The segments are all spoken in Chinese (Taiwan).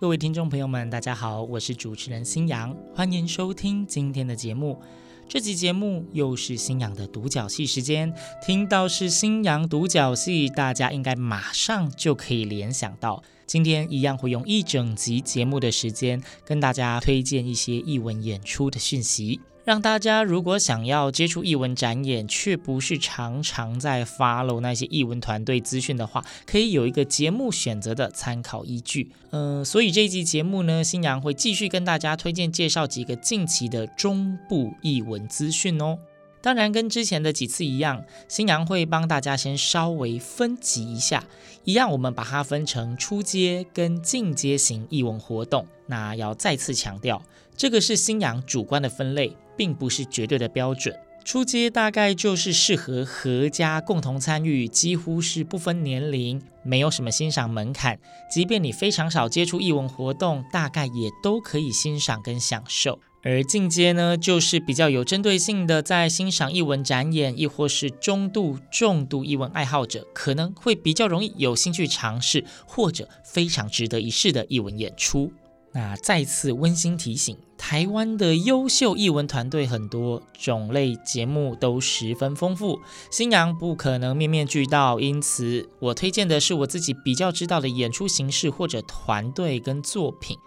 各位聽眾朋友們，大家好，我是主持人星洋，歡迎收聽今天的節目。這集節目又是星洋的獨角戲時間。聽到是星洋獨角戲，大家應該馬上就可以聯想到，今天一樣會用一整集節目的時間跟大家推薦一些藝文演出的訊息。讓大家如果想要接觸譯文展演，卻不是常常在發 w 那些譯文團隊資訊的話，可以有一個節目選擇的參考依據。嗯、呃，所以這一集節目呢，新娘會繼續跟大家推薦介紹幾個近期的中部譯文資訊哦。當然，跟之前的幾次一樣，新娘會幫大家先稍微分級一下，一樣我們把它分成初階跟進階型譯文活動。那要再次強調，這個是新娘主觀的分類。並不是絕對的標準。初階大概就是適合合家共同參與，幾乎是不分年齡，沒有什麼欣賞門檻。即便你非常少接觸藝文活動，大概也都可以欣賞跟享受。而進階呢，就是比較有針對性的，在欣賞藝文展演，亦或是中度、重度藝文愛好者，可能會比較容易有興趣嘗試，或者非常值得一試的藝文演出。那再次溫馨提醒，台灣的優秀藝文團隊很多，種類節目都十分豐富。星洋不可能面面俱到，因此我推薦的是我自己比較知道的演出形式或者團隊跟作品。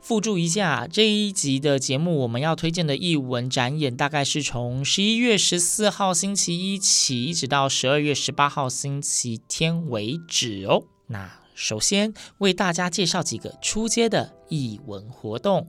附注一下，這一集的節目我們要推薦的藝文展演，大概是從十一月十四號星期一起，一直到十二月十八號星期天為止哦。那首先為大家介紹幾個初階的。藝文活動，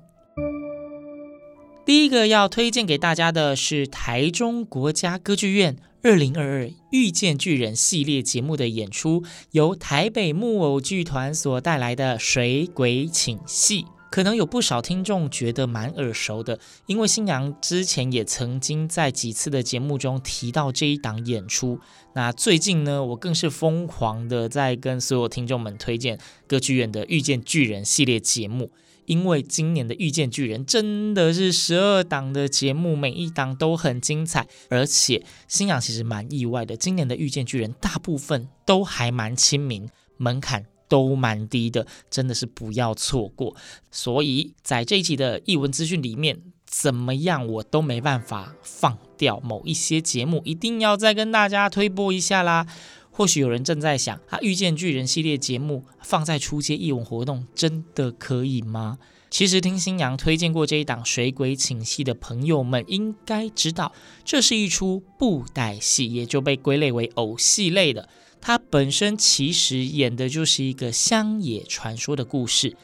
第一個要推薦給大家的是台中國家歌劇院二零二二遇見巨人系列節目的演出，由台北木偶劇團所帶來的《水鬼請戲》。可能有不少聽眾覺得蠻耳熟的，因為星洋之前也曾經在幾次的節目中提到這一檔演出。那最近呢，我更是瘋狂的在跟所有聽眾們推薦歌劇院的《遇見巨人》系列節目，因為今年的《遇見巨人》真的是十二檔的節目，每一檔都很精彩。而且星洋其實蠻意外的，今年的《遇見巨人》大部分都還蠻親民，門檻都蠻低的，真的是不要錯過。所以在這一期的藝文資訊裡面，怎麼樣我都沒辦法放掉某一些節目，一定要再跟大家推播一下啦。或許有人正在想，啊遇見巨人系列節目放在初階藝文活動真的可以嗎？其實聽星洋推薦過這一檔水鬼請戲的朋友們應該知道，這是一出布袋戲，也就被歸類為偶戲類的。它本身其實演的就是一個鄉野傳說的故事，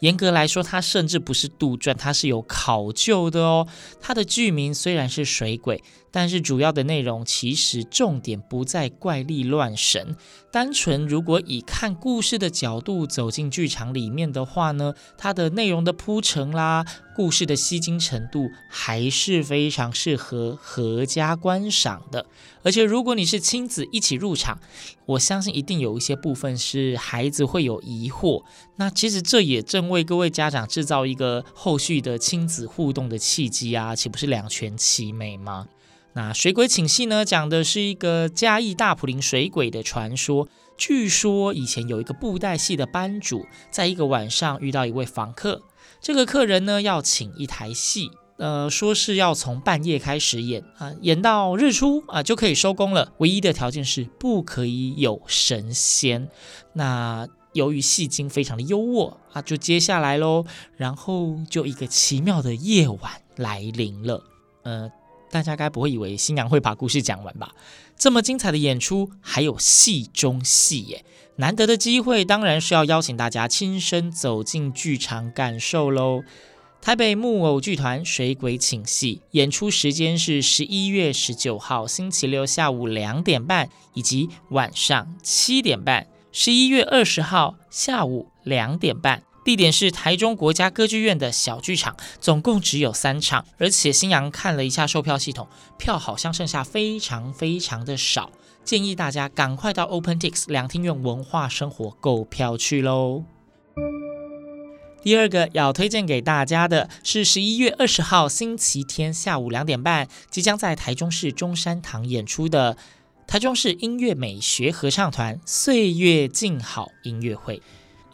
嚴格來說，它甚至不是杜撰，它是有考究的哦。它的劇名雖然是水鬼。但是主要的內容其實重點不在怪力亂神，單純如果以看故事的角度走進劇場裡面的話呢，它的內容的鋪陳啦，故事的吸睛程度還是非常適合闔家觀賞的。而且如果你是親子一起入場，我相信一定有一些部分是孩子會有疑惑，那其實這也正為各位家長製造一個後續的親子互動的契機啊，豈不是兩全其美嗎？那水鬼請戲呢？講的是一個嘉義大埔林水鬼的傳說。據說以前有一個布袋戲的班主，在一個晚上遇到一位訪客。這個客人呢，要請一台戲，呃，說是要從半夜開始演啊、呃，演到日出啊、呃、就可以收工了。唯一的條件是不可以有神仙。那由於戲金非常的優渥啊，就接下來嘍。然後就一個奇妙的夜晚來臨了，呃。大家該不會以為星洋會把故事講完吧？這麼精彩的演出，還有戲中戲耶！難得的機會，當然是要邀請大家親身走進劇場感受嘍。台北木偶劇團《水鬼請戲》演出時間是十一月十九號星期六下午兩點半以及晚上七點半，十一月二十號下午兩點半。地點是台中國家歌劇院的小劇場，總共只有三場，而且星洋看了一下售票系統，票好像剩下非常非常的少，建議大家趕快到 OpenTix 兩廳院文化生活購票去嘍。第二個要推薦給大家的是十一月二十號星期天下午兩點半，即將在台中市中山堂演出的台中市音樂美學合唱團《歲月靜好》音樂會。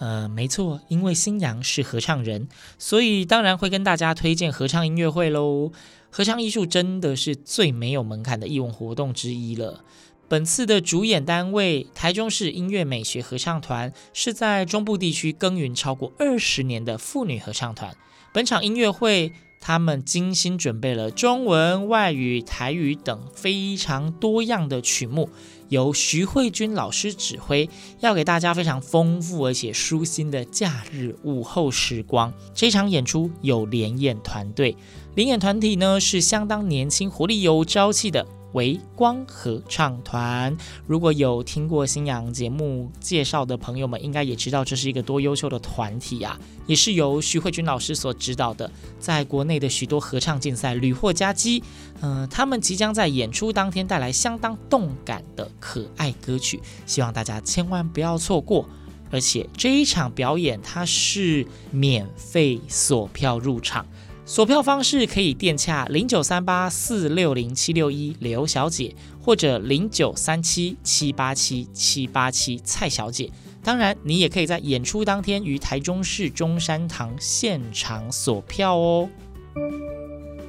呃，沒錯，因為星洋是合唱人，所以當然會跟大家推薦合唱音樂會嘍。合唱藝術真的是最沒有門檻的藝文活動之一了。本次的主演單位台中市音樂美學合唱團是在中部地區耕耘超過二十年的婦女合唱團。本場音樂會，他們精心準備了中文、外語、台語等非常多樣的曲目，由徐慧君老師指揮，要給大家非常豐富而且舒心的假日午後時光。這場演出有聯演團隊，聯演團體呢，是相當年輕、活力有朝氣的，維光合唱團，如果有聽過星洋節目介紹的朋友們，應該也知道這是一個多優秀的團體呀、啊，也是由徐慧君老師所指導的，在國內的許多合唱競賽屢獲佳績。嗯、呃，他們即將在演出當天帶來相當動感的可愛歌曲，希望大家千萬不要錯過。而且這一場表演它是免費索票入場。索票方式可以電洽零九三八四六零七六一劉小姐，或者零九三七七八七七八七蔡小姐。當然，你也可以在演出當天於台中市中山堂現場索票哦。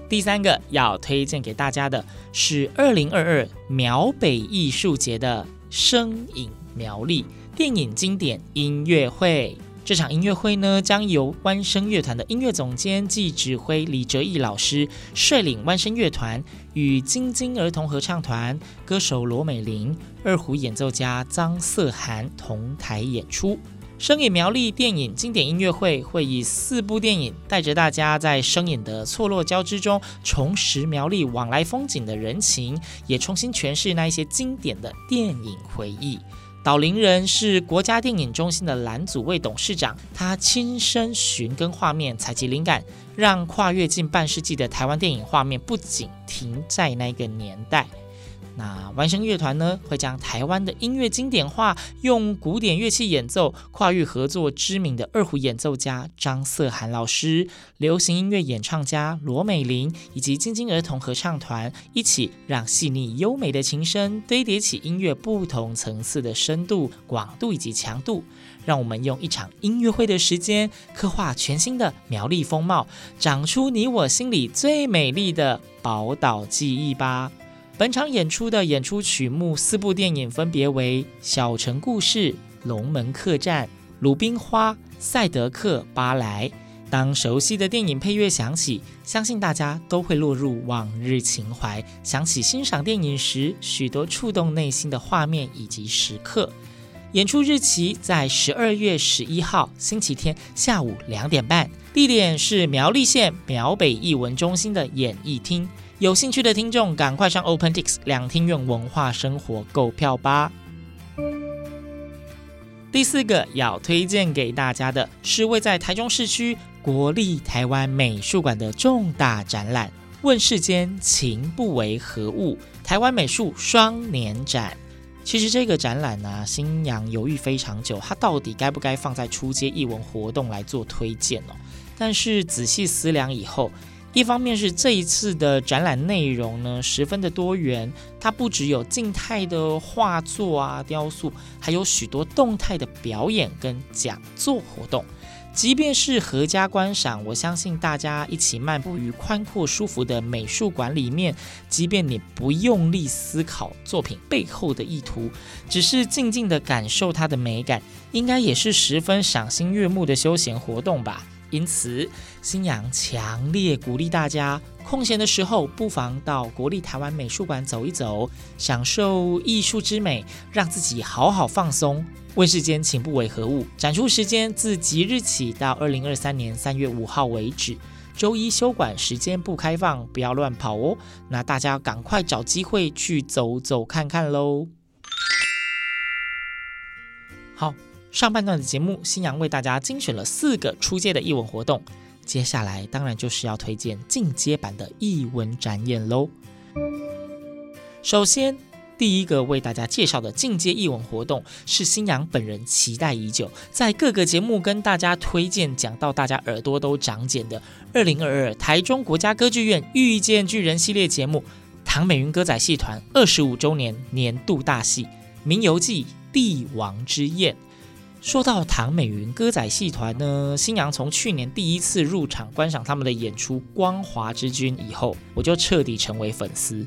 第三個要推薦給大家的是二零二二苗北藝術節的聲影苗栗電影經典音樂會。這場音樂會呢，將由灣聲樂團的音樂總監暨指揮李哲毅老師率領灣聲樂團與晶晶兒童合唱團、歌手羅美玲、二胡演奏家張瑟涵同台演出。《聲影苗栗電影經典音樂會》會以四部電影，帶着大家在聲影的錯落交織中，重拾苗栗往來風景的人情，也重新詮釋那一些經典的電影回憶。導聆人是國家電影中心的藍祖蔚董事長，他親身尋根畫面，採集靈感，讓跨越近半世紀的台灣電影畫面，不僅停在那個年代。那灣聲樂團呢，會將台灣的音樂經典化，用古典樂器演奏，跨域合作知名的二胡演奏家張瑟涵老師、流行音樂演唱家羅美玲，以及晶晶兒童合唱團，一起讓細膩優美的琴聲堆疊起音樂不同層次的深度、廣度以及強度，讓我們用一場音樂會的時間，刻畫全新的苗栗風貌，長出你我心裡最美麗的寶島記憶吧。本場演出的演出曲目四部電影分別為《小城故事》、《龍門客棧》、《魯冰花》、《賽德克·巴萊》。當熟悉的電影配樂響起，相信大家都會落入往日情懷，想起欣賞電影時許多觸動內心的畫面以及時刻。演出日期在十二月十一號星期天下午兩點半，地點是苗栗縣苗北藝文中心的演藝廳。有興趣的聽眾，趕快上 OpenTix 兩廳院文化生活購票吧。第四個要推薦給大家的是位在台中市區國立台灣美術館的重大展覽——問世間情不為何物？台灣美術雙年展。其實這個展覽呢、啊，星洋猶豫非常久，它到底該不該放在初階藝文活動來做推薦呢、哦？但是仔細思量以後。一方面是這一次的展覽內容呢，十分的多元，它不只有靜態的畫作啊、雕塑，還有許多動態的表演跟講座活動。即便是闔家觀賞，我相信大家一起漫步於寬闊舒服的美術館裡面，即便你不用力思考作品背後的意圖，只是靜靜地感受它的美感，應該也是十分賞心悅目的休閒活動吧。因此，星洋強烈鼓勵大家空閒的時候，不妨到國立臺灣美術館走一走，享受藝術之美，讓自己好好放鬆。問世間情不為何物？展出時間自即日起到二零二三年三月五號為止，週一休館，時間不開放，不要亂跑哦。那大家趕快找機會去走走看看嘍。好。上半段的節目，星洋為大家精選了四個初階的藝文活動。接下來當然就是要推薦進階版的藝文展演嘍。首先，第一個為大家介紹的進階藝文活動是星洋本人期待已久，在各個節目跟大家推薦講到大家耳朵都長繭的二零二二台中國家歌劇院《遇見巨人》系列節目，唐美雲歌仔戲團二十五周年年度大戲《冥遊記：帝王之宴》。說到唐美雲歌仔戲團呢，星洋從去年第一次入場觀賞他們的演出《光華之君》以後，我就徹底成為粉絲。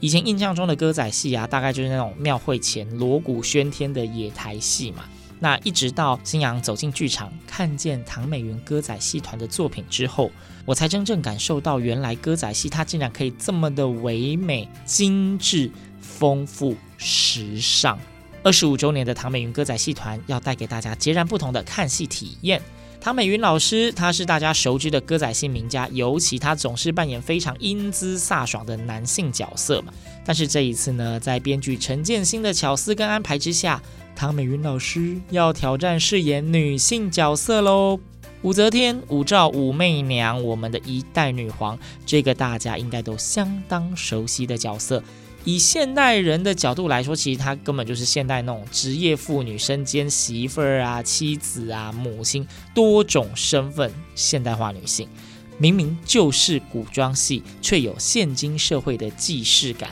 以前印象中的歌仔戲啊，大概就是那種廟會前鑼鼓喧天的野台戲嘛。那一直到星洋走進劇場，看見唐美雲歌仔戲團的作品之後，我才真正感受到，原來歌仔戲它竟然可以這麼的唯美、精致、豐富、時尚。二十五周年的唐美雲歌仔戲團要帶給大家截然不同的看戲體驗。唐美雲老師，她是大家熟知的歌仔戲名家，尤其她總是扮演非常英姿颯爽的男性角色嘛。但是這一次呢，在編劇陳建新的巧思跟安排之下，唐美雲老師要挑戰飾演女性角色嘍——武則天、武曌、武媚娘，我們的一代女皇，這個大家應該都相當熟悉的角色。以現代人的角度來說，其實她根本就是現代那種職業婦女，身兼媳婦兒啊、妻子啊、母親多種身份，現代化女性，明明就是古裝戲，卻有現今社會的既視感。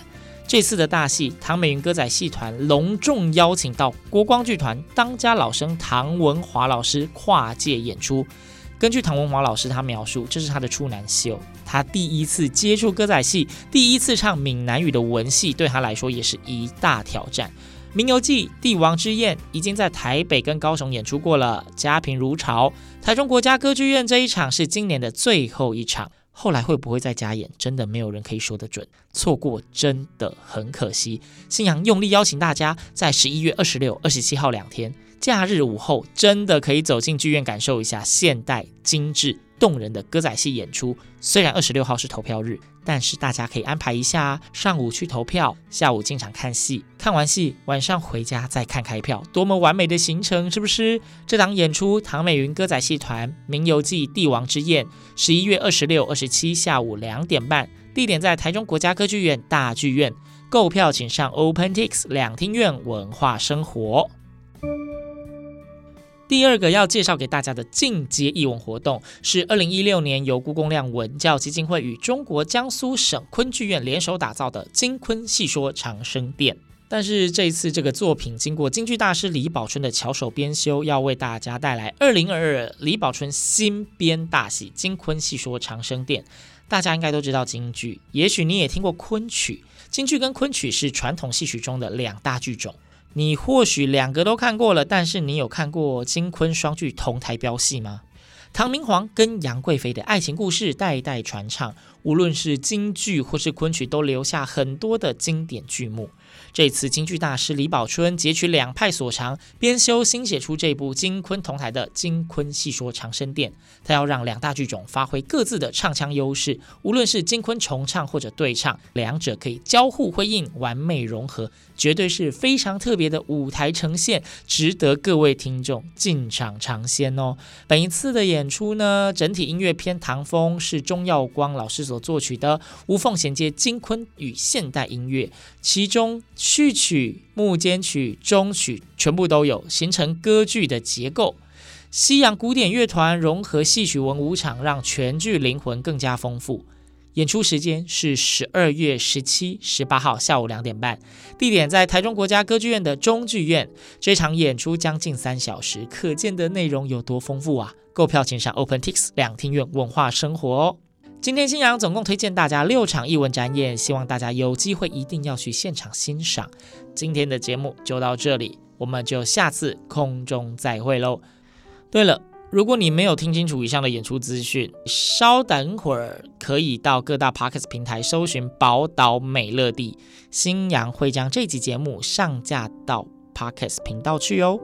這次的大戲，唐美雲歌仔戲團隆重邀請到國光劇團當家老生唐文華老師跨界演出。根據唐文華老師他描述，這是他的初男秀。他第一次接觸歌仔戲，第一次唱閩南語的文戲，對他來說也是一大挑戰。《冥遊記》《帝王之宴》已經在台北跟高雄演出過了，佳評如潮。台中國家歌劇院這一場是今年的最後一場，後來會不會再加演，真的沒有人可以說得準。錯過真的很可惜。星洋用力邀請大家，在十一月二十六、二十七號兩天假日午後，真的可以走進劇院感受一下現代精緻。動人的歌仔戲演出，雖然二十六號是投票日，但是大家可以安排一下，上午去投票，下午進場看戲，看完戲晚上回家再看開票，多麼完美的行程，是不是？這檔演出《唐美雲歌仔戲團》《冥遊記》《帝王之宴》，十一月二十六、二十七下午兩點半，地點在台中國家歌劇院大劇院，購票請上 OpenTix 兩廳院文化生活。第二個要介紹給大家的進階藝文活動，是二零一六年由辜公亮文教基金會與中國江蘇省崑劇院聯手打造的《京崑戲說長生殿》。但是這一次這個作品經過京劇大師李寶春的巧手編修，要為大家帶來二零二二李寶春新編大戲《京崑戲說長生殿》。大家應該都知道京劇，也許你也聽過崑曲。京劇跟崑曲是傳統戲曲中的兩大劇種。你或許兩個都看過了，但是你有看過京崑雙劇同台飆戲嗎？唐明皇跟楊貴妃的愛情故事代代傳唱，無論是京劇或是昆曲，都留下很多的經典劇目。這次京劇大師李寶春截取兩派所長編修新寫出這部京崑同台的《京崑戲說長生殿》，他要讓兩大劇種發揮各自的唱腔優勢，無論是京崑重唱或者對唱，兩者可以交互輝映，完美融合，絕對是非常特別的舞台呈現，值得各位聽眾進場嘗鮮哦。本一次的演出呢，整體音樂偏唐風，是鍾耀光老師所作曲的，無縫銜接京崑與現代音樂，其中。序曲、幕間曲、終曲全部都有，形成歌劇的結構。西洋古典樂團融合戲曲文武場，讓全劇靈魂更加豐富。演出時間是十二月十七、十八號下午兩點半，地點在台中國家歌劇院的中劇院。這場演出將近三小時，可見的內容有多豐富啊！購票請上 OpenTix 兩廳院文化生活哦。今天星洋總共推薦大家六場藝文展演，希望大家有機會一定要去現場欣賞。今天的節目就到這裡，我們就下次空中再會嘍。對了，如果你沒有聽清楚以上的演出資訊，稍等會兒可以到各大 Podcast 平台搜尋寶島美樂地，星洋會將這集節目上架到 Podcast 頻道去哦。